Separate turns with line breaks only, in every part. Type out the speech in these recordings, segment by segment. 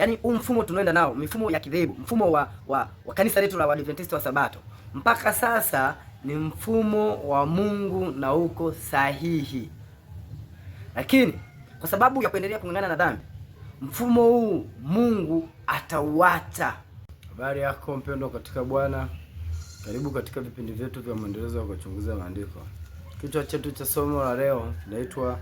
Yaani huu mfumo tunaenda nao, mifumo ya kidhehebu, mfumo wa, wa, wa kanisa letu la Waadventista wa Sabato mpaka sasa ni mfumo wa Mungu na uko sahihi, lakini kwa sababu ya kuendelea kung'ang'ana na dhambi, mfumo huu Mungu atauacha.
Habari yako mpendwa katika Bwana, karibu katika vipindi vyetu vya mwendelezo wa kuchunguza maandiko. Kichwa chetu cha somo la leo kinaitwa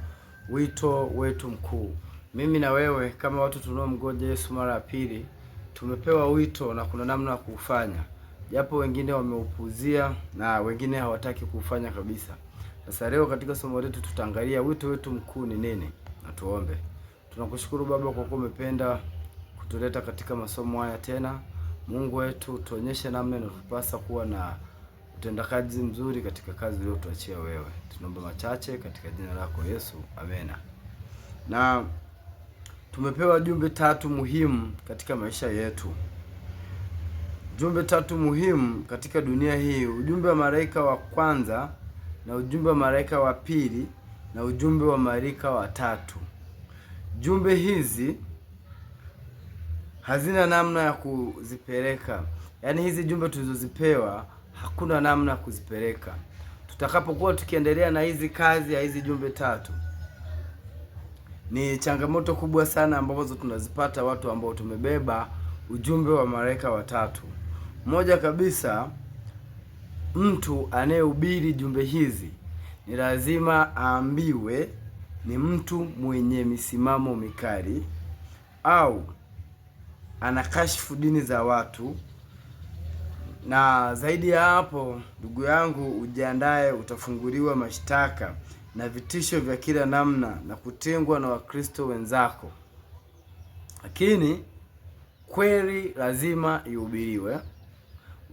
wito wetu mkuu mimi na wewe kama watu tunaomgoja Yesu mara ya pili, tumepewa wito na kuna namna ya kuufanya, japo wengine wameupuzia na wengine hawataki kuufanya kabisa. Sasa leo katika somo letu tutaangalia wito wetu mkuu ni nini, na tuombe. Tunakushukuru Baba kwa kuwa umependa kutuleta katika masomo haya tena. Mungu wetu, tuonyeshe namna inatupasa kuwa na utendakazi mzuri katika kazi uliotuachia wewe. Tunaomba machache katika jina lako Yesu, amena na Tumepewa jumbe tatu muhimu katika maisha yetu, jumbe tatu muhimu katika dunia hii: ujumbe wa malaika wa kwanza na ujumbe wa malaika wa pili na ujumbe wa malaika wa tatu. Jumbe hizi hazina namna ya kuzipeleka, yaani hizi jumbe tulizozipewa hakuna namna ya kuzipeleka. Tutakapokuwa tukiendelea na hizi kazi ya hizi jumbe tatu ni changamoto kubwa sana ambazo tunazipata watu ambao tumebeba ujumbe wa malaika watatu. Moja kabisa, mtu anayehubiri jumbe hizi ni lazima aambiwe ni mtu mwenye misimamo mikali au anakashifu dini za watu. Na zaidi ya hapo, ndugu yangu, ujiandae, utafunguliwa mashtaka na vitisho vya kila namna na kutengwa na Wakristo wenzako, lakini kweli lazima ihubiriwe.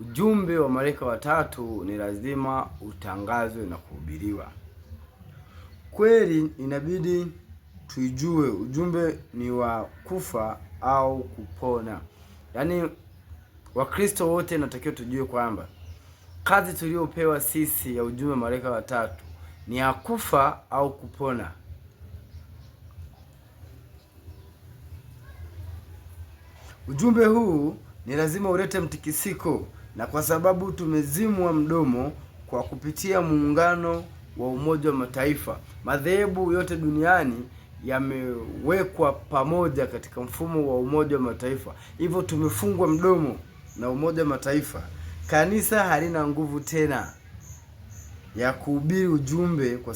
Ujumbe wa malaika watatu ni lazima utangazwe na kuhubiriwa. Kweli inabidi tuijue. Ujumbe ni wa kufa au kupona, yaani Wakristo wote natakiwa tujue kwamba kazi tuliyopewa sisi ya ujumbe wa malaika watatu ni ya kufa au kupona. Ujumbe huu ni lazima ulete mtikisiko, na kwa sababu tumezimwa mdomo kwa kupitia muungano wa Umoja wa Mataifa, madhehebu yote duniani yamewekwa pamoja katika mfumo wa Umoja wa Mataifa, hivyo tumefungwa mdomo na Umoja wa Mataifa. Kanisa halina nguvu tena ya kuhubiri ujumbe kwa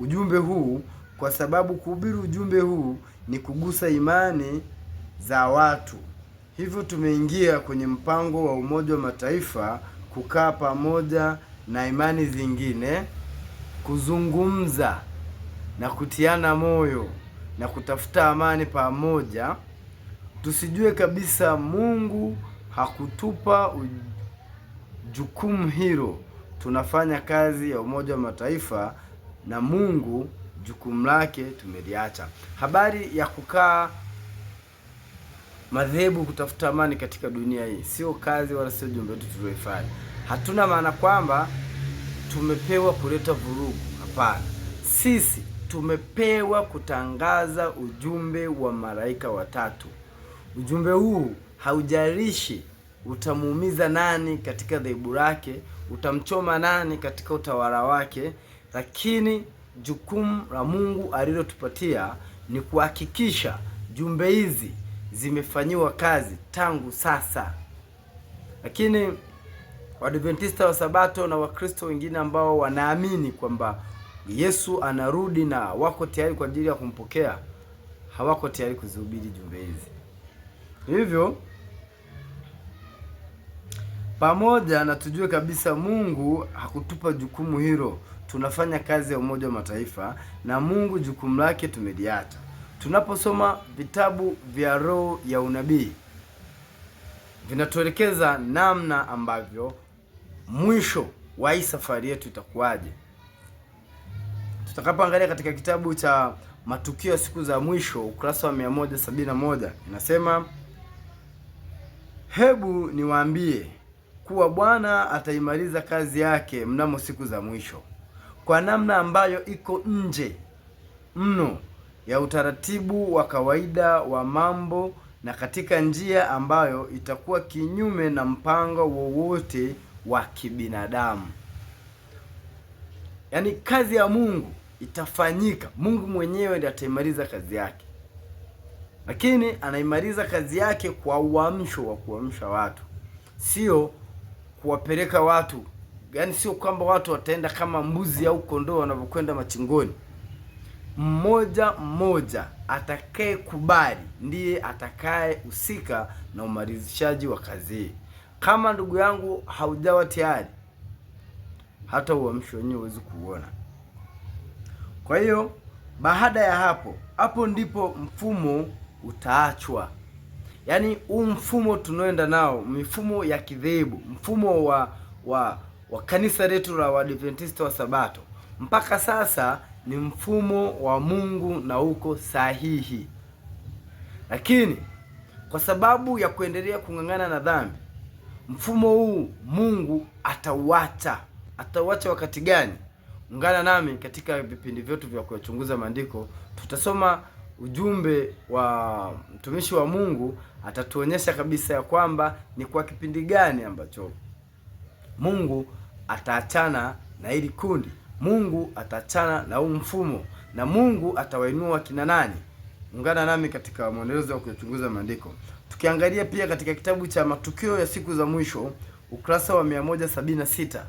ujumbe huu kwa sababu kuhubiri ujumbe huu ni kugusa imani za watu. Hivyo tumeingia kwenye mpango wa Umoja wa Mataifa kukaa pamoja na imani zingine kuzungumza na kutiana moyo na kutafuta amani pamoja. Tusijue kabisa Mungu hakutupa jukumu hilo tunafanya kazi ya Umoja wa Mataifa na Mungu jukumu lake tumeliacha. Habari ya kukaa madhehebu kutafuta amani katika dunia hii sio kazi wala sio jumbe yetu tulioifanya. Hatuna maana kwamba tumepewa kuleta vurugu, hapana. Sisi tumepewa kutangaza ujumbe wa malaika watatu. Ujumbe huu haujalishi utamuumiza nani katika dhehebu lake utamchoma nani katika utawala wake, lakini jukumu la Mungu alilotupatia ni kuhakikisha jumbe hizi zimefanyiwa kazi tangu sasa. Lakini Waadventista wa Sabato na Wakristo wengine ambao wanaamini kwamba Yesu anarudi na wako tayari kwa ajili ya kumpokea, hawako tayari kuzihubiri jumbe hizi, hivyo pamoja na tujue kabisa Mungu hakutupa jukumu hilo. Tunafanya kazi ya Umoja wa Mataifa na Mungu jukumu lake tumeliacha. Tunaposoma vitabu vya roho ya unabii vinatuelekeza namna ambavyo mwisho wa hii safari yetu itakuwaje. Tutakapoangalia katika kitabu cha Matukio ya Siku za Mwisho ukurasa wa 171 inasema, hebu niwaambie kuwa Bwana ataimaliza kazi yake mnamo siku za mwisho kwa namna ambayo iko nje mno ya utaratibu wa kawaida wa mambo na katika njia ambayo itakuwa kinyume na mpango wowote wa kibinadamu. Yaani, kazi ya Mungu itafanyika. Mungu mwenyewe ndiye ataimaliza kazi yake, lakini anaimaliza kazi yake kwa uamsho wa kuamsha watu, sio kuwapeleka watu, yaani sio kwamba watu wataenda kama mbuzi au kondoo wanavyokwenda machingoni. Mmoja mmoja atakaye kubali ndiye atakaye husika na umalizishaji wa kazi hii. Kama ndugu yangu haujawa tayari, hata uamsho wenyewe huwezi kuuona. Kwa hiyo baada ya hapo, hapo ndipo mfumo utaachwa. Yaani huu mfumo tunaoenda nao, mifumo ya kidhehebu, mfumo wa wa wa kanisa letu la Waadventista wa Sabato mpaka sasa ni mfumo wa Mungu na uko sahihi, lakini kwa sababu ya kuendelea kung'ang'ana na dhambi, mfumo huu Mungu atauacha. Atauacha wakati gani? Ungana nami katika vipindi vyetu vya kuyachunguza maandiko, tutasoma ujumbe wa mtumishi wa Mungu atatuonyesha kabisa ya kwamba ni kwa kipindi gani ambacho Mungu ataachana na hili kundi, Mungu ataachana na huu mfumo, na Mungu atawainua kina nani. Ungana nami katika mwendelezo wa kuchunguza maandiko, tukiangalia pia katika kitabu cha Matukio ya Siku za Mwisho ukurasa wa 176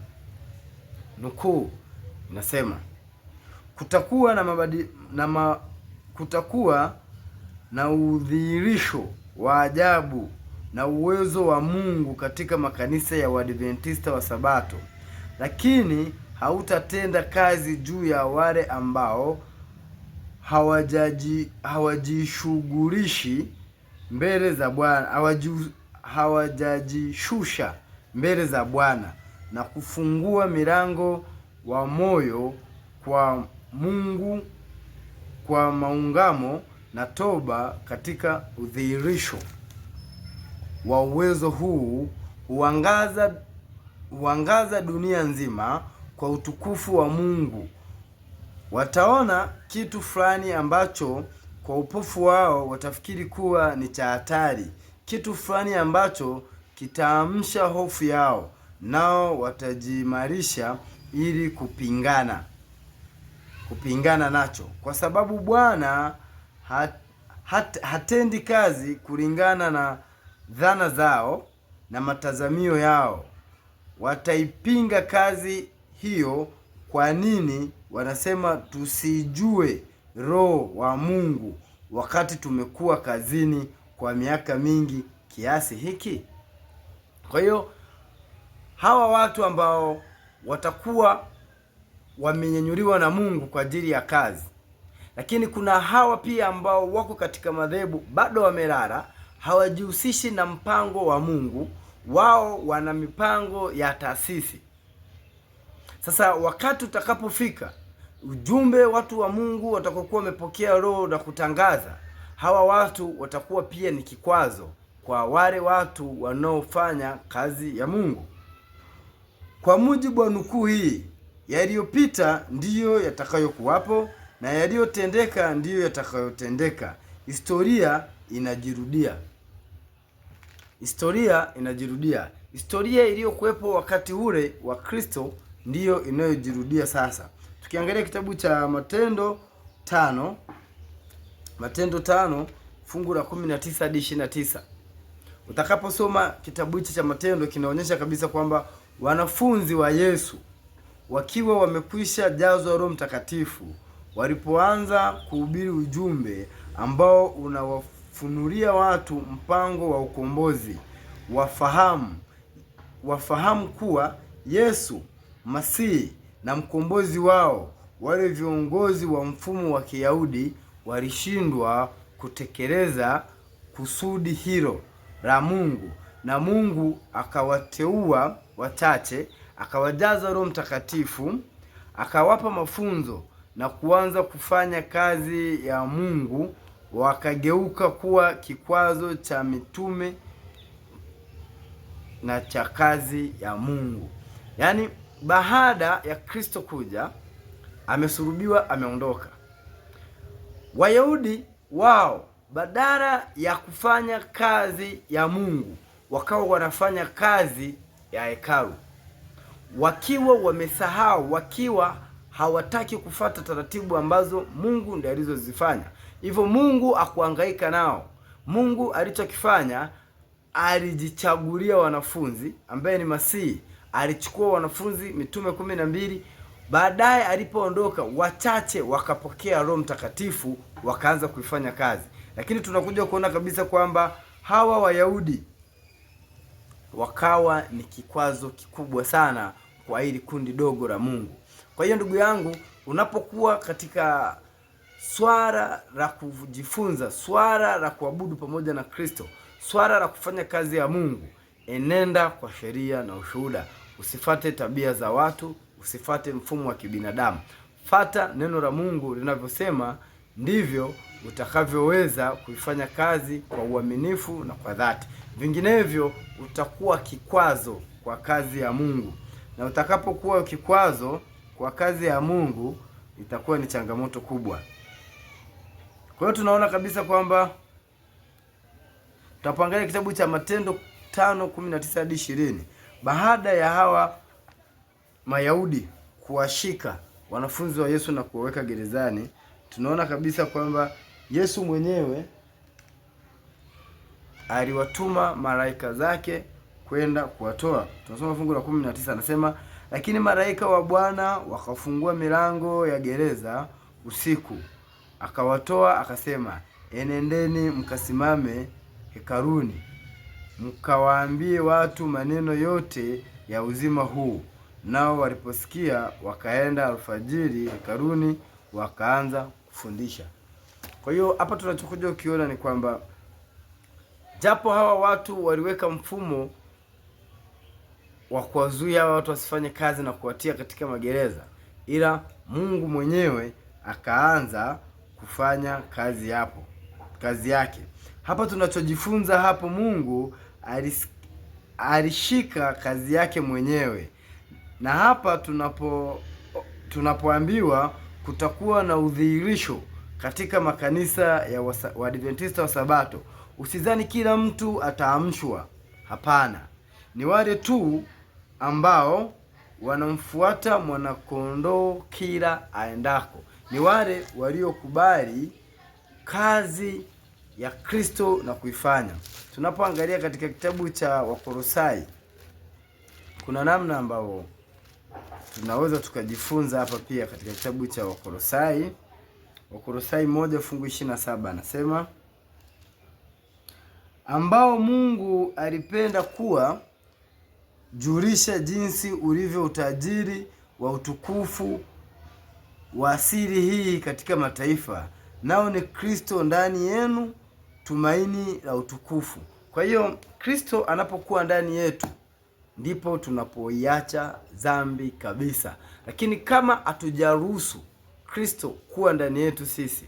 nukuu inasema kutakuwa na mabadi, na ma, kutakuwa na udhihirisho wa ajabu na uwezo wa Mungu katika makanisa ya Waadventista wa Sabato, lakini hautatenda kazi juu ya wale ambao hawajaji hawajishughulishi mbele za Bwana hawajajishusha mbele za Bwana na kufungua milango wa moyo kwa Mungu kwa maungamo na toba katika udhihirisho wa uwezo huu huangaza huangaza dunia nzima kwa utukufu wa Mungu. Wataona kitu fulani ambacho kwa upofu wao watafikiri kuwa ni cha hatari, kitu fulani ambacho kitaamsha hofu yao, nao watajimarisha ili kupingana kupingana nacho, kwa sababu Bwana hat, hat, hatendi kazi kulingana na dhana zao na matazamio yao. Wataipinga kazi hiyo. Kwa nini wanasema tusijue roho wa Mungu wakati tumekuwa kazini kwa miaka mingi kiasi hiki? Kwa hiyo hawa watu ambao watakuwa wamenyanyuliwa na Mungu kwa ajili ya kazi, lakini kuna hawa pia ambao wako katika madhehebu bado wamelala, hawajihusishi na mpango wa Mungu. Wao wana mipango ya taasisi. Sasa wakati utakapofika, ujumbe watu wa Mungu watakokuwa wamepokea roho na kutangaza, hawa watu watakuwa pia ni kikwazo kwa wale watu wanaofanya kazi ya Mungu. Kwa mujibu wa nukuu hii Yaliyopita ndiyo yatakayokuwapo na yaliyotendeka ndiyo yatakayotendeka. Historia inajirudia, historia inajirudia. Historia iliyokuwepo wakati ule wa Kristo ndiyo inayojirudia sasa. Tukiangalia kitabu cha Matendo tano, Matendo tano fungu la 19 hadi 29. Utakaposoma kitabu hichi cha Matendo kinaonyesha kabisa kwamba wanafunzi wa Yesu wakiwa wamekwisha jazwa Roho Mtakatifu, walipoanza kuhubiri ujumbe ambao unawafunulia watu mpango wa ukombozi, wafahamu wafahamu kuwa Yesu Masihi na mkombozi wao. Wale viongozi wa mfumo wa Kiyahudi walishindwa kutekeleza kusudi hilo la Mungu, na Mungu akawateua wachache akawajaza Roho Mtakatifu, akawapa mafunzo na kuanza kufanya kazi ya Mungu, wakageuka kuwa kikwazo cha mitume na cha kazi ya Mungu. Yaani, baada ya Kristo kuja, amesulubiwa, ameondoka. Wayahudi wao badala ya kufanya kazi ya Mungu wakawa wanafanya kazi ya hekalu wakiwa wamesahau, wakiwa hawataki kufata taratibu ambazo Mungu ndiye alizozifanya. Hivyo Mungu akuhangaika nao. Mungu alichokifanya alijichagulia wanafunzi ambaye ni Masihi, alichukua wanafunzi mitume kumi na mbili. Baadaye alipoondoka, wachache wakapokea Roho Mtakatifu wakaanza kuifanya kazi, lakini tunakuja kuona kabisa kwamba hawa Wayahudi wakawa ni kikwazo kikubwa sana kwa hili kundi dogo la Mungu. Kwa hiyo ndugu yangu, unapokuwa katika swala la kujifunza, swala la kuabudu pamoja na Kristo, swala la kufanya kazi ya Mungu, enenda kwa sheria na ushuhuda. Usifate tabia za watu, usifate mfumo wa kibinadamu. Fata neno la Mungu linavyosema, ndivyo utakavyoweza kuifanya kazi kwa uaminifu na kwa dhati vinginevyo utakuwa kikwazo kwa kazi ya Mungu, na utakapokuwa kikwazo kwa kazi ya Mungu itakuwa ni changamoto kubwa. Kwa hiyo tunaona kabisa kwamba tutapoangalia kitabu cha Matendo tano kumi na tisa hadi ishirini baada ya hawa Mayahudi kuwashika wanafunzi wa Yesu na kuwaweka gerezani, tunaona kabisa kwamba Yesu mwenyewe aliwatuma malaika zake kwenda kuwatoa. Tunasoma fungu la kumi na tisa anasema, lakini malaika wa Bwana wakafungua milango ya gereza usiku, akawatoa akasema, enendeni mkasimame hekaruni, mkawaambie watu maneno yote ya uzima huu. Nao waliposikia wakaenda alfajiri hekaruni, wakaanza kufundisha. Kwa hiyo hapa tunachokuja ukiona ni kwamba japo hawa watu waliweka mfumo wa kuwazuia hawa watu wasifanye kazi na kuwatia katika magereza, ila Mungu mwenyewe akaanza kufanya kazi hapo kazi yake. Hapa tunachojifunza hapo, Mungu alis, alishika kazi yake mwenyewe, na hapa tunapo tunapoambiwa kutakuwa na udhihirisho katika makanisa ya Waadventista wa Sabato. Usizani kila mtu ataamshwa. Hapana, ni wale tu ambao wanamfuata mwanakondoo kila aendako, ni wale waliokubali kazi ya Kristo na kuifanya. Tunapoangalia katika kitabu cha Wakolosai, kuna namna ambayo tunaweza tukajifunza hapa pia katika kitabu cha Wakolosai. Wakolosai moja fungu ishirini na saba anasema ambao Mungu alipenda kuwa julisha jinsi ulivyo utajiri wa utukufu wa asili hii katika mataifa, nao ni Kristo ndani yenu, tumaini la utukufu. Kwa hiyo Kristo anapokuwa ndani yetu ndipo tunapoiacha dhambi kabisa, lakini kama hatujaruhusu Kristo kuwa ndani yetu sisi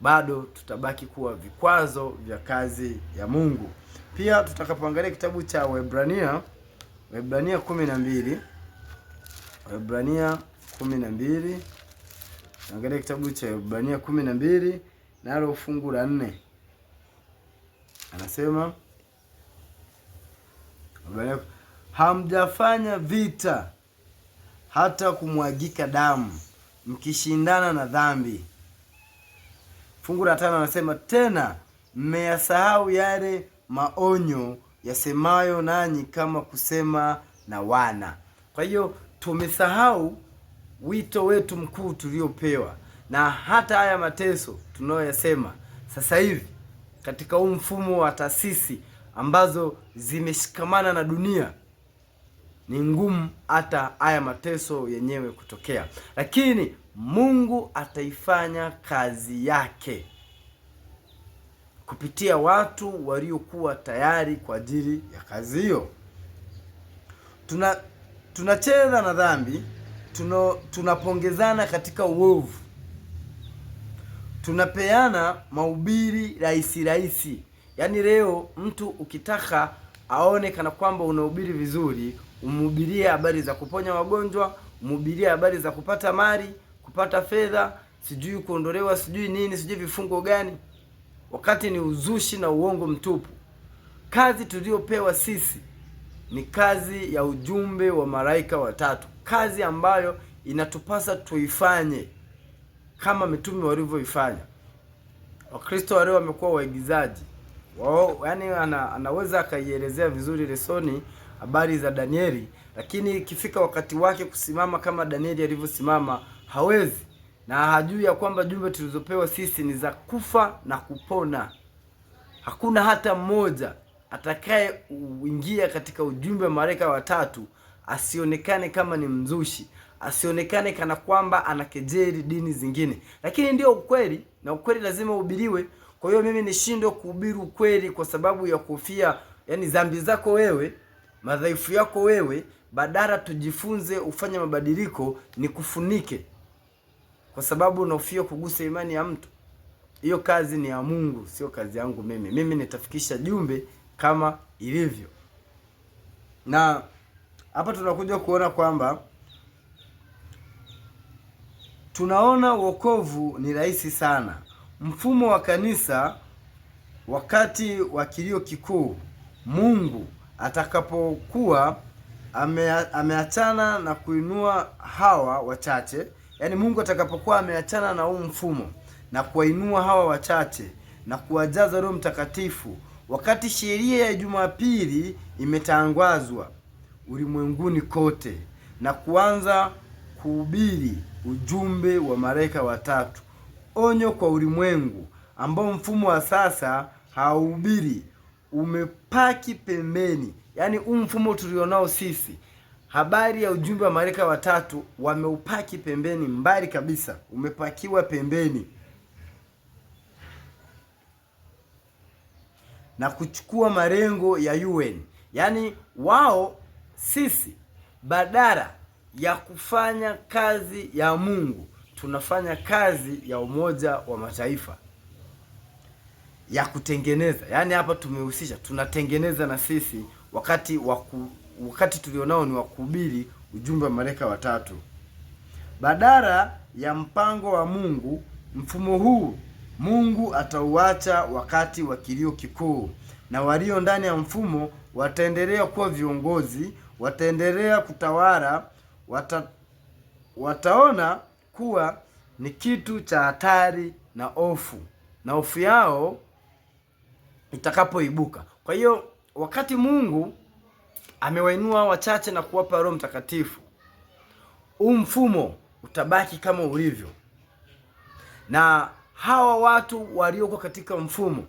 bado tutabaki kuwa vikwazo vya kazi ya Mungu. Pia tutakapoangalia kitabu cha Waebrania, Waebrania kumi na mbili, Waebrania kumi na mbili, angalia kitabu cha Waebrania kumi na mbili nalo fungu la nne anasema hamjafanya vita hata kumwagika damu mkishindana na dhambi. Fungu la tano anasema tena, mmeyasahau yale maonyo yasemayo nanyi kama kusema na wana. Kwa hiyo tumesahau wito wetu mkuu tuliopewa, na hata haya mateso tunayoyasema sasa hivi katika huu mfumo wa taasisi ambazo zimeshikamana na dunia ni ngumu hata haya mateso yenyewe kutokea, lakini Mungu ataifanya kazi yake kupitia watu waliokuwa tayari kwa ajili ya kazi hiyo. Tuna tunacheza na dhambi, tuna, tunapongezana katika uovu, tunapeana mahubiri rahisi rahisi. Yaani leo mtu ukitaka aone kana kwamba unahubiri vizuri, umhubirie habari za kuponya wagonjwa, umhubirie habari za kupata mali kupata fedha, sijui kuondolewa, sijui nini, sijui vifungo gani, wakati ni uzushi na uongo mtupu. Kazi tuliyopewa sisi ni kazi ya ujumbe wa malaika watatu, kazi ambayo inatupasa tuifanye kama mitume walivyoifanya. Wakristo wale wamekuwa waigizaji wao, yani ana, anaweza akaielezea vizuri lesoni habari za Danieli, lakini ikifika wakati wake kusimama kama Danieli alivyosimama hawezi na hajui ya kwamba jumbe tulizopewa sisi ni za kufa na kupona. Hakuna hata mmoja atakaye uingia katika ujumbe wa malaika watatu asionekane kama ni mzushi, asionekane kana kwamba anakejeli dini zingine, lakini ndio ukweli na ukweli lazima uhubiriwe. Kwa hiyo mimi nishindwe kuhubiri ukweli kwa sababu ya kufia, yani dhambi zako wewe, madhaifu yako wewe, badala tujifunze ufanye mabadiliko, ni kufunike kwa sababu unahofia kugusa imani ya mtu. Hiyo kazi ni ya Mungu, sio kazi yangu mimi. Mimi nitafikisha jumbe kama ilivyo, na hapa tunakuja kuona kwamba tunaona wokovu ni rahisi sana. Mfumo wa kanisa wakati wa kilio kikuu, Mungu atakapokuwa ameachana na kuinua hawa wachache yaani Mungu atakapokuwa ameachana na huu mfumo na kuwainua hawa wachache na kuwajaza Roho Mtakatifu, wakati sheria ya Jumapili imetangazwa ulimwenguni kote na kuanza kuhubiri ujumbe wa malaika watatu, onyo kwa ulimwengu ambao mfumo wa sasa hauhubiri, umepaki pembeni. Yaani huu mfumo tulionao sisi habari ya ujumbe wa malaika watatu wameupaki pembeni, mbali kabisa, umepakiwa pembeni na kuchukua malengo ya UN. Yaani wao sisi badala ya kufanya kazi ya Mungu tunafanya kazi ya Umoja wa Mataifa ya kutengeneza. Yaani hapa tumehusisha, tunatengeneza na sisi wakati wa wakati tulionao ni wa ujumbe wa malaika watatu. Badala ya mpango wa Mungu, mfumo huu Mungu atauacha wakati wa kilio kikuu, na walio ndani ya mfumo wataendelea kuwa viongozi, wataendelea kutawala, wata, wataona kuwa ni kitu cha hatari na hofu, na hofu yao itakapoibuka. Kwa hiyo wakati Mungu amewainua wachache na kuwapa Roho Mtakatifu. Huu mfumo utabaki kama ulivyo, na hawa watu walioko katika mfumo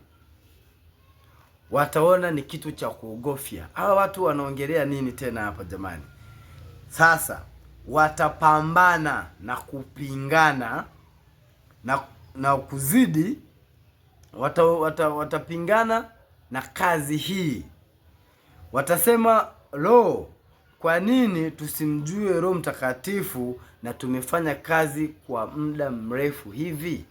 wataona ni kitu cha kuogofya. Hawa watu wanaongelea nini tena hapa jamani? Sasa watapambana na kupingana na, na kuzidi wata, wata, watapingana na kazi hii, watasema Lo, kwa nini tusimjue Roho Mtakatifu na tumefanya kazi kwa muda mrefu hivi?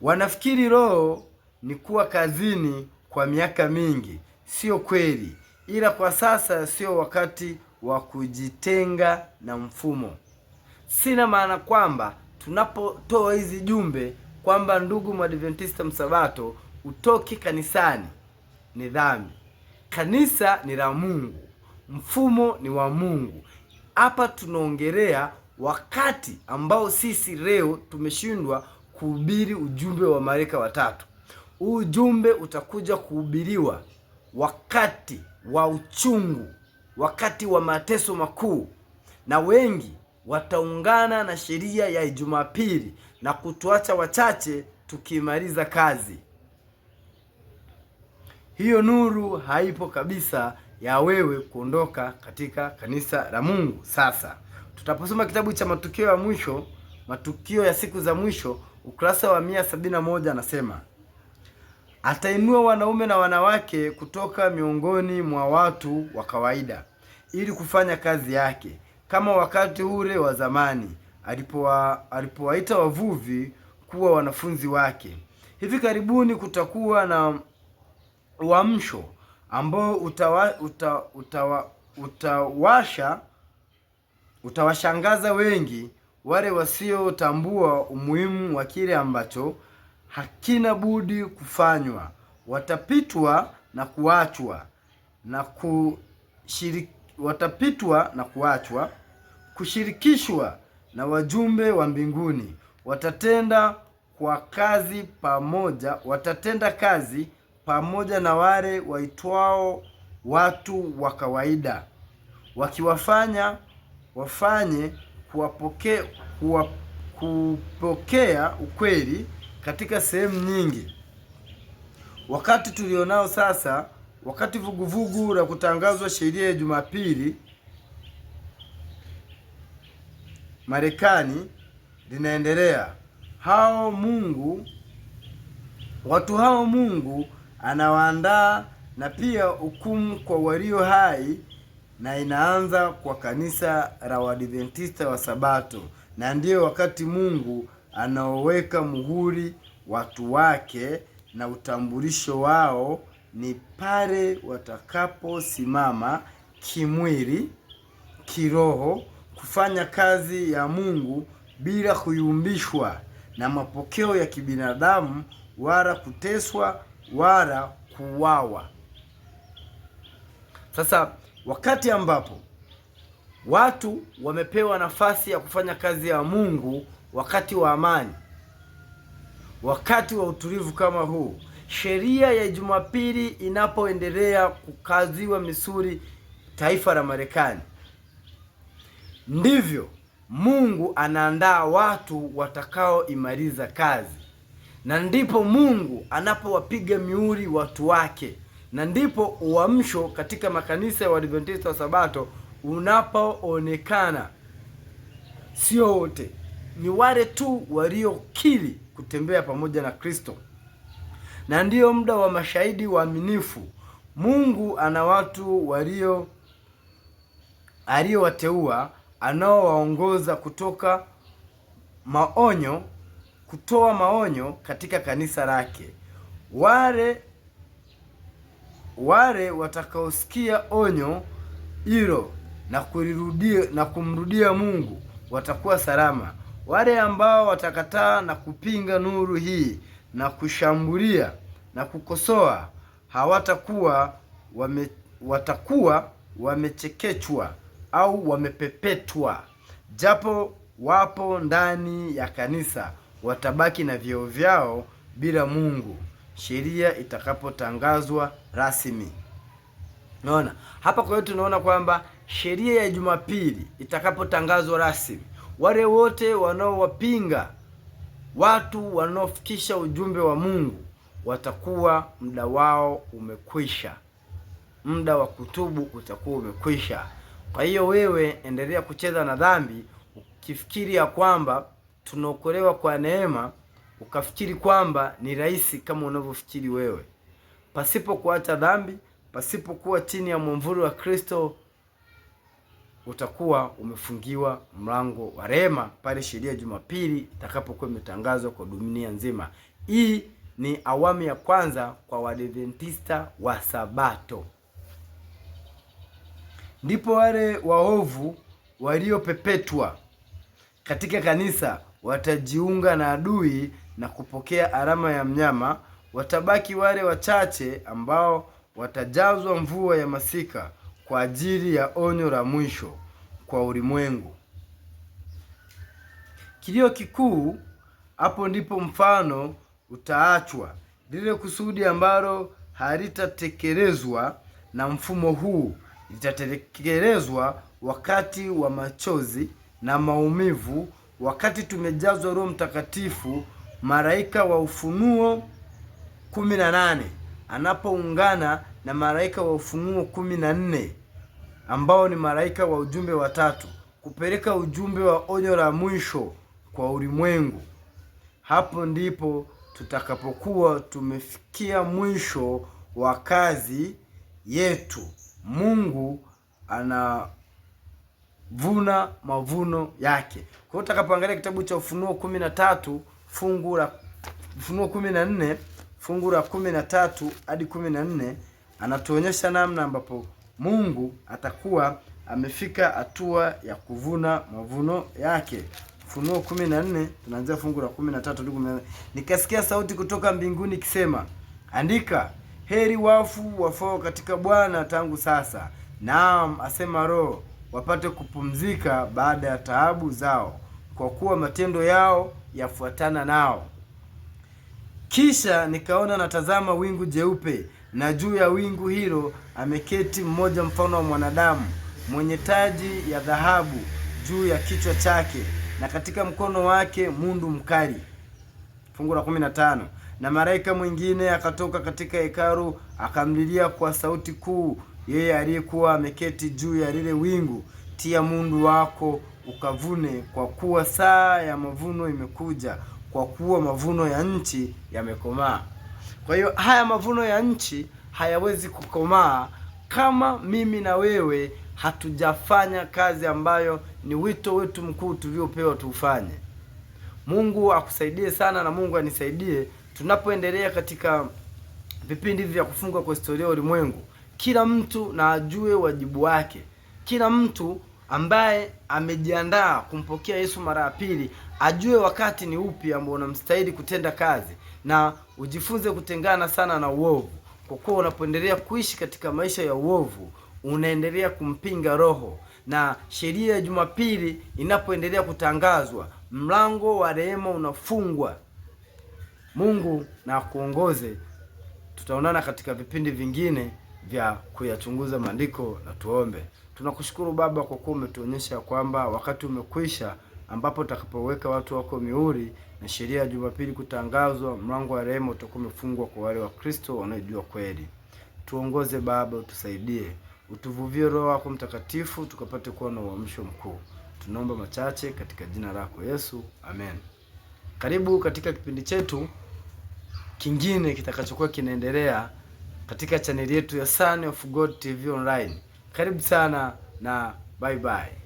Wanafikiri roho ni kuwa kazini kwa miaka mingi. Sio kweli, ila kwa sasa sio wakati wa kujitenga na mfumo. Sina maana kwamba tunapotoa hizi jumbe kwamba ndugu Mwadventista msabato utoki kanisani, ni dhambi. Kanisa ni la Mungu, mfumo ni wa Mungu. Hapa tunaongelea wakati ambao sisi leo tumeshindwa kuhubiri ujumbe wa malaika watatu. Huu ujumbe utakuja kuhubiriwa wakati wa uchungu, wakati wa mateso makuu, na wengi wataungana na sheria ya Jumapili na kutuacha wachache tukimaliza kazi hiyo nuru haipo kabisa ya wewe kuondoka katika kanisa la Mungu. Sasa tutaposoma kitabu cha matukio ya mwisho, matukio ya siku za mwisho, ukurasa wa mia sabini na moja anasema atainua wanaume na wanawake kutoka miongoni mwa watu wa kawaida ili kufanya kazi yake, kama wakati ule wa zamani alipowaita wavuvi kuwa wanafunzi wake. Hivi karibuni kutakuwa na uamsho ambao utawa, uta, utawa, utawasha utawashangaza wengi wale wasiotambua umuhimu wa kile ambacho hakina budi kufanywa. Watapitwa na kuachwa na kushiriki, watapitwa na kuachwa kushirikishwa na wajumbe wa mbinguni. Watatenda kwa kazi pamoja, watatenda kazi pamoja na wale waitwao watu wa kawaida, wakiwafanya wafanye kuwapoke, kuwa, kupokea ukweli katika sehemu nyingi. Wakati tulionao sasa, wakati vuguvugu la kutangazwa sheria ya Jumapili Marekani linaendelea, hao Mungu watu hao Mungu anawaandaa na pia hukumu kwa walio hai, na inaanza kwa kanisa la Waadventista wa Sabato, na ndiyo wakati Mungu anaoweka muhuri watu wake na utambulisho wao ni pale watakaposimama kimwili, kiroho kufanya kazi ya Mungu bila kuyumbishwa na mapokeo ya kibinadamu wala kuteswa wala kuuawa. Sasa wakati ambapo watu wamepewa nafasi ya kufanya kazi ya Mungu wakati wa amani, wakati wa utulivu kama huu, sheria ya Jumapili inapoendelea kukaziwa misuri taifa la Marekani, ndivyo Mungu anaandaa watu watakaoimaliza kazi na ndipo Mungu anapowapiga mihuri watu wake, na ndipo uamsho katika makanisa ya Waadventista wa Sabato unapoonekana. Sio wote, ni wale tu waliokiri kutembea pamoja na Kristo, na ndiyo muda wa mashahidi waaminifu. Mungu ana watu walio aliyowateua anaowaongoza kutoka maonyo kutoa maonyo katika kanisa lake. Wale wale watakaosikia onyo hilo na kulirudia na kumrudia Mungu watakuwa salama. Wale ambao watakataa na kupinga nuru hii na kushambulia na kukosoa hawatakuwa wame, watakuwa wamechekechwa au wamepepetwa, japo wapo ndani ya kanisa watabaki na vyeo vyao bila Mungu sheria itakapotangazwa rasmi. Unaona hapa, kwa hiyo tunaona kwamba sheria ya Jumapili itakapotangazwa rasmi, wale wote wanaowapinga watu wanaofikisha ujumbe wa Mungu watakuwa muda wao umekwisha, muda wa kutubu utakuwa umekwisha. Kwa hiyo wewe endelea kucheza na dhambi ukifikiri ya kwamba tunaokolewa kwa neema ukafikiri kwamba ni rahisi kama unavyofikiri wewe, pasipo kuacha dhambi, pasipokuwa chini ya mwamvuri wa Kristo, utakuwa umefungiwa mlango wa rehema pale sheria Jumapili itakapokuwa imetangazwa kwa dunia nzima. Hii ni awamu ya kwanza kwa Waadventista wa Sabato. Ndipo wale waovu waliopepetwa katika kanisa watajiunga na adui na kupokea alama ya mnyama. Watabaki wale wachache ambao watajazwa mvua ya masika kwa ajili ya onyo la mwisho kwa ulimwengu. Kilio kikuu, hapo ndipo mfano utaachwa, lile kusudi ambalo halitatekelezwa na mfumo huu litatekelezwa wakati wa machozi na maumivu wakati tumejazwa Roho Mtakatifu, malaika wa ufunuo kumi na nane anapoungana na malaika wa ufunuo kumi na nne ambao ni malaika wa ujumbe watatu kupeleka ujumbe wa onyo la mwisho kwa ulimwengu. Hapo ndipo tutakapokuwa tumefikia mwisho wa kazi yetu. Mungu ana vuna mavuno yake. Kwa hiyo utakapoangalia kitabu cha Ufunuo kumi na tatu fungu la Ufunuo kumi na nne fungu la kumi na tatu hadi kumi na nne anatuonyesha namna ambapo Mungu atakuwa amefika hatua ya kuvuna mavuno yake. Ufunuo kumi na nne tunaanzia fungu la kumi na tatu hadi kumi na nne. Nikasikia sauti kutoka mbinguni ikisema, andika, heri wafu wafao katika Bwana tangu sasa. Naam, asema Roho wapate kupumzika baada ya taabu zao, kwa kuwa matendo yao yafuatana nao. Kisha nikaona natazama wingu jeupe, na juu ya wingu hilo ameketi mmoja mfano wa mwanadamu mwenye taji ya dhahabu juu ya kichwa chake, na katika mkono wake mundu mkali. Fungu la 15. na maraika Na malaika mwingine akatoka katika hekalu akamlilia kwa sauti kuu yeye aliyekuwa ameketi juu ya lile wingu, tia mundu wako ukavune, kwa kuwa saa ya mavuno imekuja, kwa kuwa mavuno ya nchi yamekomaa. Kwa hiyo haya mavuno ya nchi hayawezi kukomaa kama mimi na wewe hatujafanya kazi ambayo ni wito wetu mkuu tuliopewa tuufanye. Mungu akusaidie sana na Mungu anisaidie tunapoendelea katika vipindi vya kufunga kwa historia ya ulimwengu kila mtu na ajue wajibu wake. Kila mtu ambaye amejiandaa kumpokea Yesu mara ya pili ajue wakati ni upi ambao unamstahili kutenda kazi, na ujifunze kutengana sana na uovu, kwa kuwa unapoendelea kuishi katika maisha ya uovu unaendelea kumpinga Roho. Na sheria ya Jumapili inapoendelea kutangazwa, mlango wa rehema unafungwa. Mungu na akuongoze. Tutaonana katika vipindi vingine vya kuyachunguza maandiko na tuombe. Tunakushukuru Baba kwa kuwa umetuonyesha kwamba wakati umekwisha ambapo utakapoweka watu wako mihuri na sheria ya Jumapili kutangazwa, mlango wa rehema utakuwa umefungwa kwa wale wa Kristo wanaojua kweli. Tuongoze Baba, utusaidie, utuvuvie Roho wako Mtakatifu tukapate kuwa na uamsho mkuu. Tunaomba machache katika jina lako Yesu, amen. Karibu katika kipindi chetu kingine kitakachokuwa kinaendelea katika chaneli yetu ya Son of God TV Online. Karibu sana na bye bye.